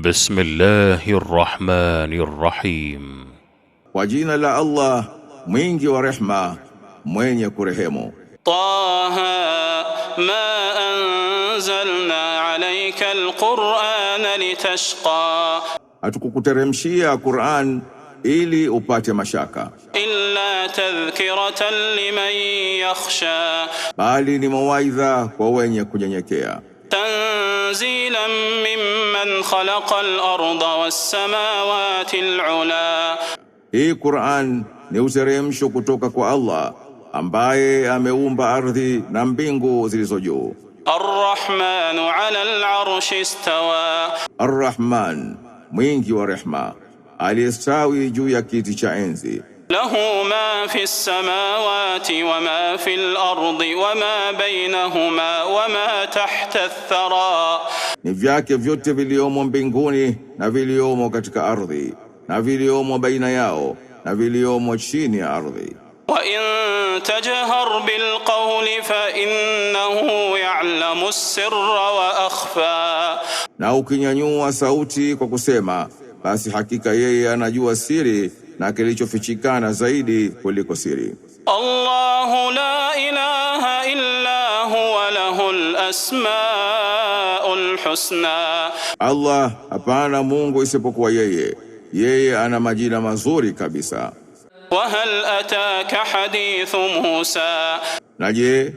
بسم الله الرحمن الرحيم kwa jina la Allah mwingi wa rehma mwenye kurehemu Taha ma anzalna alayka alquran litashqa Hatukukuteremshia Qur'an ili upate mashaka illa tadhkiratan liman yakhsha bali ni mawaidha kwa wenye kunyenyekea تنزيلا ممن خلق الارض والسماوات العلى Hii قران نيوزريمشو kutoka kwa Allah ambaye ameumba ardhi na mbingu zilizo juu. الرحمن على العرش استوى الرحمن istawa. Ar-Rahman mwingi wa rehma, aliyestawi juu ya kiti cha enzi. له ما في السماوات وما في الأرض وما بينهما وما tahta الثرى ni vyake vyote viliomo mbinguni na viliomo katika ardhi na viliomo baina yao na viliomo chini ya ardhi wa in tajhar bil qawli fa innahu ya'lamu sirra wa akhfa na ukinyanyua sauti kwa kusema basi hakika yeye anajua siri na kilichofichikana zaidi kuliko siri. Allahu la ilaha illa huwa lahul asmaul husna, Allah, hapana Mungu isipokuwa yeye, yeye ana majina mazuri kabisa. Wa hal ataka hadithu Musa, na je,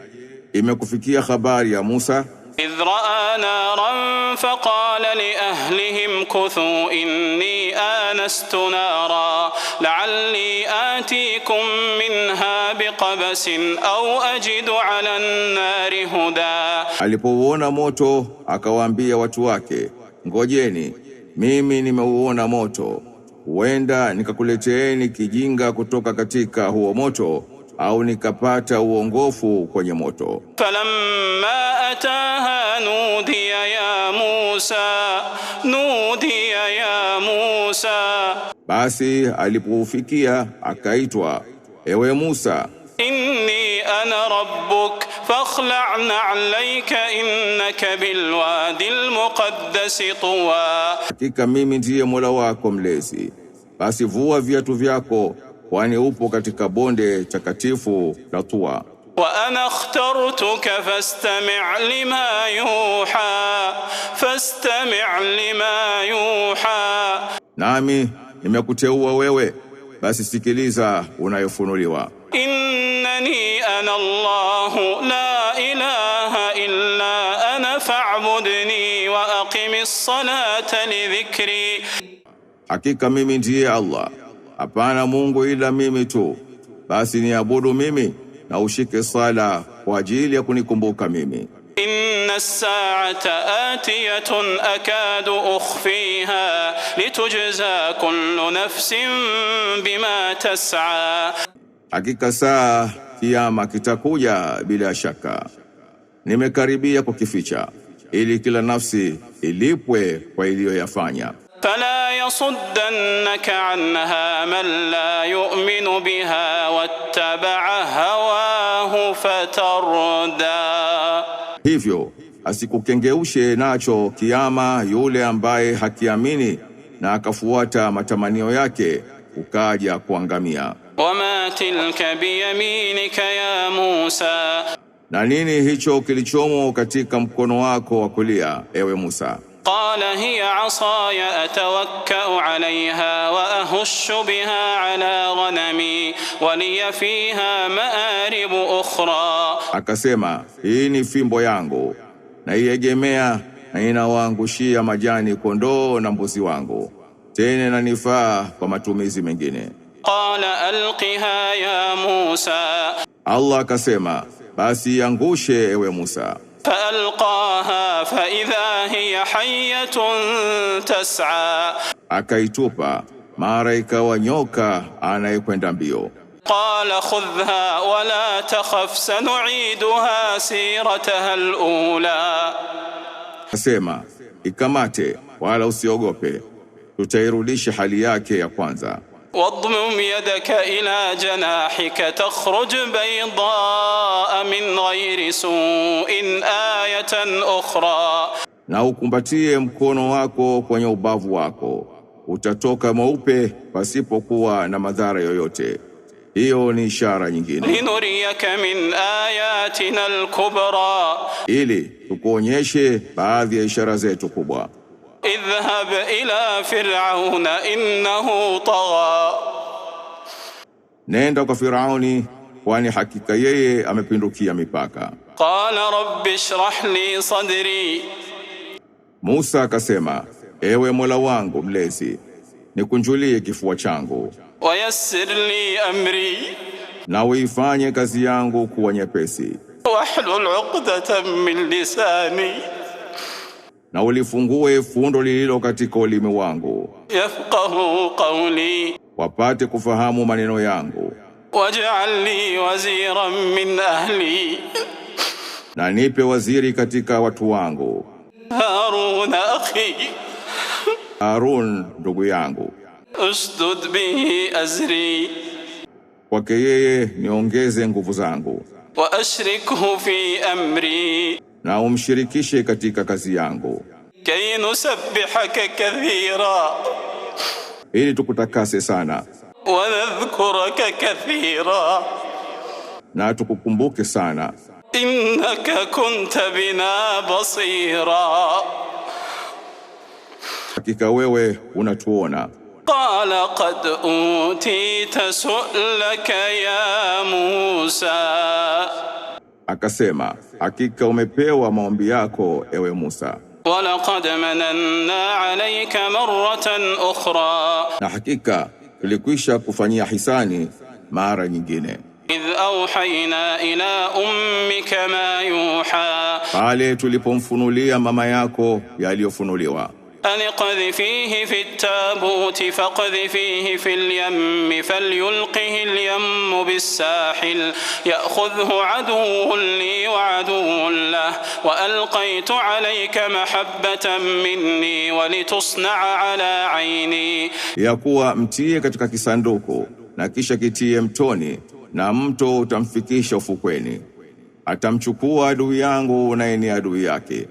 imekufikia habari ya Musa? إذ رأى نارا فقال لأهلهم كثوا إني آنست نارا لعلي آتيكم منها بقبس أو أجد على النار هدى alipouona موتو akawaambia watu wake ngojeni mimi nimeuona moto huenda nikakuleteeni kijinga kutoka katika huo moto au nikapata uongofu kwenye moto. falamma ataha nudiya ya Musa, nudiya ya Musa, basi alipoufikia akaitwa, ewe Musa. inni ana rabbuk fakhla'na alayka innaka bilwadi almuqaddas tuwa, hakika mimi ndiye Mola wako mlezi, basi vua viatu vyako kwani upo katika bonde takatifu la tua wa ana akhtartuka fastami' lima yuha fastami' lima yuha, nami nimekuteua wewe, basi sikiliza unayofunuliwa. innani ana Allah la ilaha illa ana fa'budni wa aqimis salata li dhikri, hakika mimi ndiye Allah hapana Mungu ila mimi tu, basi niabudu mimi na ushike sala kwa ajili ya kunikumbuka mimi. Inna as-sa'ata atiyatun akadu ukhfiha litujza kullu nafsin bima tas'a, hakika saa kiyama kitakuja bila shaka, nimekaribia kukificha ili kila nafsi ilipwe kwa iliyoyafanya. فلا يصدنك عنها من لا يؤمن بها واتبع هواه فتردى hivyo asikukengeushe nacho kiama yule ambaye hakiamini na akafuata matamanio yake ukaja kuangamia. wama tilka biyaminika ya Musa, na nini hicho kilichomo katika mkono wako wa kulia ewe Musa? قال هي عصاي أتوكأ عليها وأهش بها على غنمي ولي فيها مآرب أخرى akasema hii ni fimbo yangu naiegemea na inawaangushia majani kondoo na mbuzi wangu tena inanifaa kwa matumizi mengine qala alqiha ya Musa Allah akasema basi iangushe ewe Musa faalqaha faidha hiya hayyatun tas'a, akaitupa mara ikawa nyoka anayekwenda mbio. Qala khudhha wala takhaf sanuiduha siratha lula asema ikamate wala usiogope, tutairudisha hali yake ya kwanza. واضمم يدك إلى جناحك تخرج بيضاء من غير سوء آية أخرى na ukumbatie mkono wako kwenye ubavu wako, utatoka mweupe pasipokuwa na madhara yoyote. Hiyo ni ishara nyingine. linuriyaka min ayatina alkubra, ili tukuonyeshe baadhi ya ishara zetu kubwa. idhhab ila fir'auna innahu tagha nenda kwa Firauni, kwani hakika yeye amepindukia mipaka. Qala rabbi shrah li sadri, Musa akasema, ewe Mola wangu mlezi, nikunjulie kifua changu. Wayassir li amri, na uifanye kazi yangu kuwa nyepesi. Wahlul uqdatan min lisani, na ulifungue fundo lililo katika ulimi wangu. Yafqahu qawli wapate kufahamu maneno yangu. Waj'alni waziran min ahli, na nipe waziri katika watu wangu. Harun akhi, Harun ndugu yangu. Usdud bihi azri, kwake yeye niongeze nguvu zangu. Wa ashrikhu fi amri, na umshirikishe katika kazi yangu. Kay nusabbihaka kathira ili tukutakase sana. Wa nadhkuraka kathira, na tukukumbuke sana. Innaka kunta bina basira, hakika wewe unatuona. Qala qad utita su'laka ya Musa, akasema hakika umepewa maombi yako ewe Musa walaqad mananna alayka marratan ukhra, na hakika tulikwisha kufanyia hisani mara nyingine. Idh awhayna ila ummika ma yuha, pale tulipomfunulia mama yako yaliyofunuliwa. أن اقذفيه في التابوت فاقذفيه في اليم فليلقه اليم بالساحل يأخذه عدو لي وعدو له وألقيت عليك محبة مني ولتصنع على عيني ya kuwa mtie katika kisanduku na kisha kitie mtoni na mto utamfikisha ufukweni atamchukua adui yangu naye ni adui yake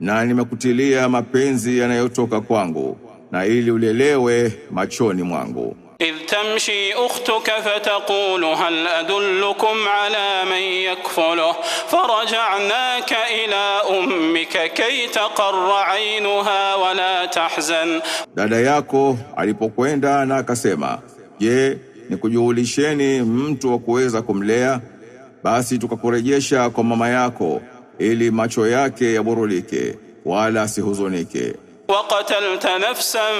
na nimekutilia mapenzi yanayotoka kwangu na ili ulelewe machoni mwangu. idh tamshi ukhtuka fataqulu hal adullukum ala man yakfuluh faraja'naka ila ummika kay taqarra 'aynuha wa la tahzan, dada yako alipokwenda na akasema, je, nikujuhulisheni mtu wa kuweza kumlea? Basi tukakurejesha kwa mama yako ili macho yake yaburulike wala asihuzunike. waqatalta nafsan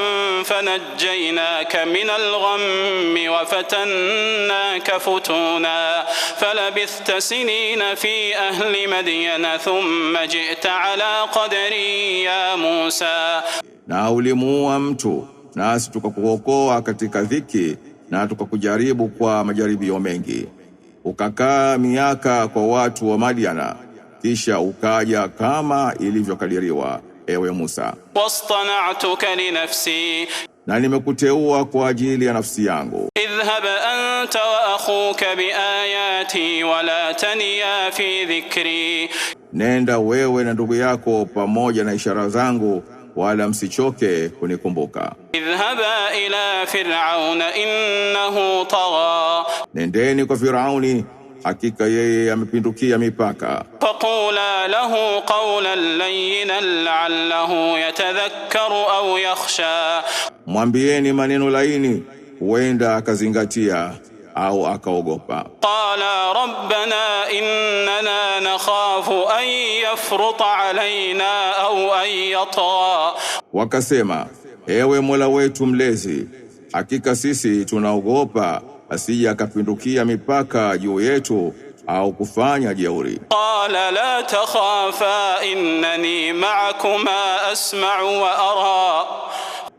fanajjaynaka min alghammi wa fatannaka futuna falabithta sinina fi ahli madyana thumma ji'ta ala qadri ya Musa, na ulimuua mtu nasi tukakuokoa katika dhiki na tukakujaribu kwa majaribio mengi, ukakaa miaka kwa watu wa madyana kisha ukaja kama ilivyokadiriwa ewe Musa. wastana'tuka li nafsi, na nimekuteua kwa ajili ya nafsi yangu. idhhab anta wa akhuka bi ayati wa la taniya fi dhikri, nenda wewe na ndugu yako pamoja na ishara zangu wala msichoke kunikumbuka. idhhaba ila fir'auna innahu tagha, nendeni kwa Firauni hakika yeye amepindukia mipaka. Faqula lahu qawlan layyinan la'allahu yatadhakkaru au yakhsha, mwambieni maneno laini, huenda akazingatia au akaogopa. Qala rabbana innana nakhafu an yafruta alayna au an yatgha, wakasema ewe Mola wetu mlezi, hakika sisi tunaogopa asije akapindukia mipaka juu yetu au kufanya jeuri. Qala la takhafa innani ma'akuma asma'u wa ara,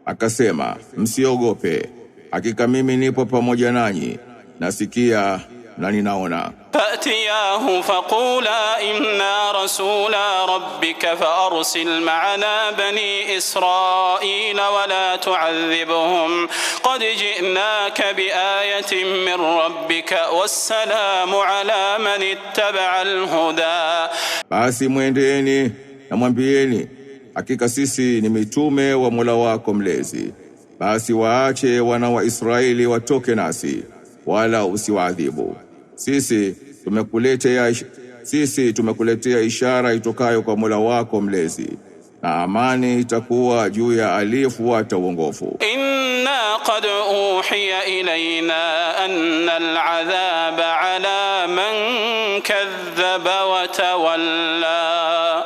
akasema msiogope, hakika mimi nipo pamoja nanyi nasikia na ninaona. Fatiyahu faqula inna rasula rabbika faarsil ma'ana bani israila wala tu'adhibhum qad ji'naka biayatin min rabbika wassalamu ala man ittaba'a alhuda, basi mwendeni na mwambieni hakika sisi ni mitume wa Mola wako mlezi basi waache wana wa Israeli watoke nasi wala usiwaadhibu sisi tumekuletea sisi tumekuletea ishara itokayo kwa Mola wako mlezi na amani itakuwa juu ya aliyefuata uongofu. Inna qad uhiya ilayna anna al'adhaba ala man kadhaba wa tawalla,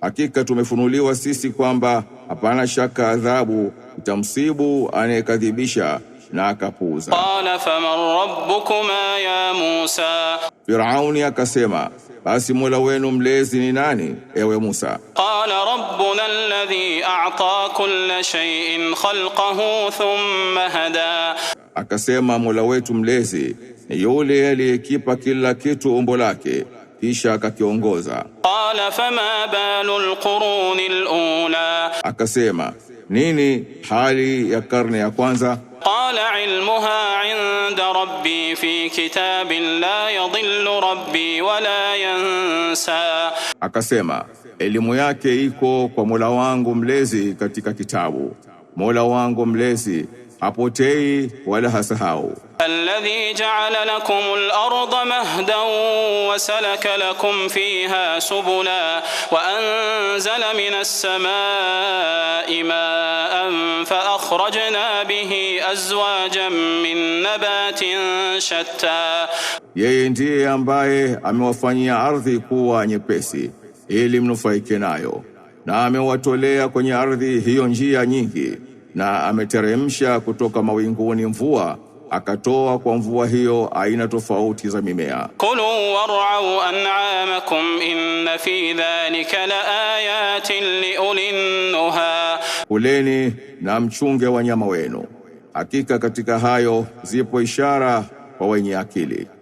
hakika tumefunuliwa sisi kwamba hapana shaka adhabu itamsibu anayekadhibisha na akapuuza. Qala faman rabbukuma ya Musa, Firauni akasema basi Mola wenu mlezi ni nani, ewe Musa? Qala rabbuna alladhi a'ta kulla shay'in khalqahu thumma hada, akasema Mola wetu mlezi ni yule aliyekipa kila kitu umbo lake kisha akakiongoza. Qala fama balu alquruni alula, akasema nini hali ya karne ya kwanza? علمها عند ربي في كتاب la يضل ربي ولا ينسى akasema elimu yake iko kwa Mola wangu mlezi katika kitabu. Mola wangu mlezi hapotei wala hasahau. Alladhi ja'ala lakum al-ardha mahdan wa salaka lakum fiha subula wa anzala min as من ma'an fa akhrajna bihi azwajan min nabatin shatta. yeye ndiye ambaye amewafanyia ardhi kuwa nyepesi ili mnufaike nayo na amewatolea kwenye ardhi hiyo njia nyingi na ameteremsha kutoka mawinguni mvua akatoa kwa mvua hiyo aina tofauti za mimea. Kulu warau an'amakum inna fi dhalika laayatin liulinnuha, kuleni na mchunge wanyama wenu, hakika katika hayo zipo ishara kwa wenye akili.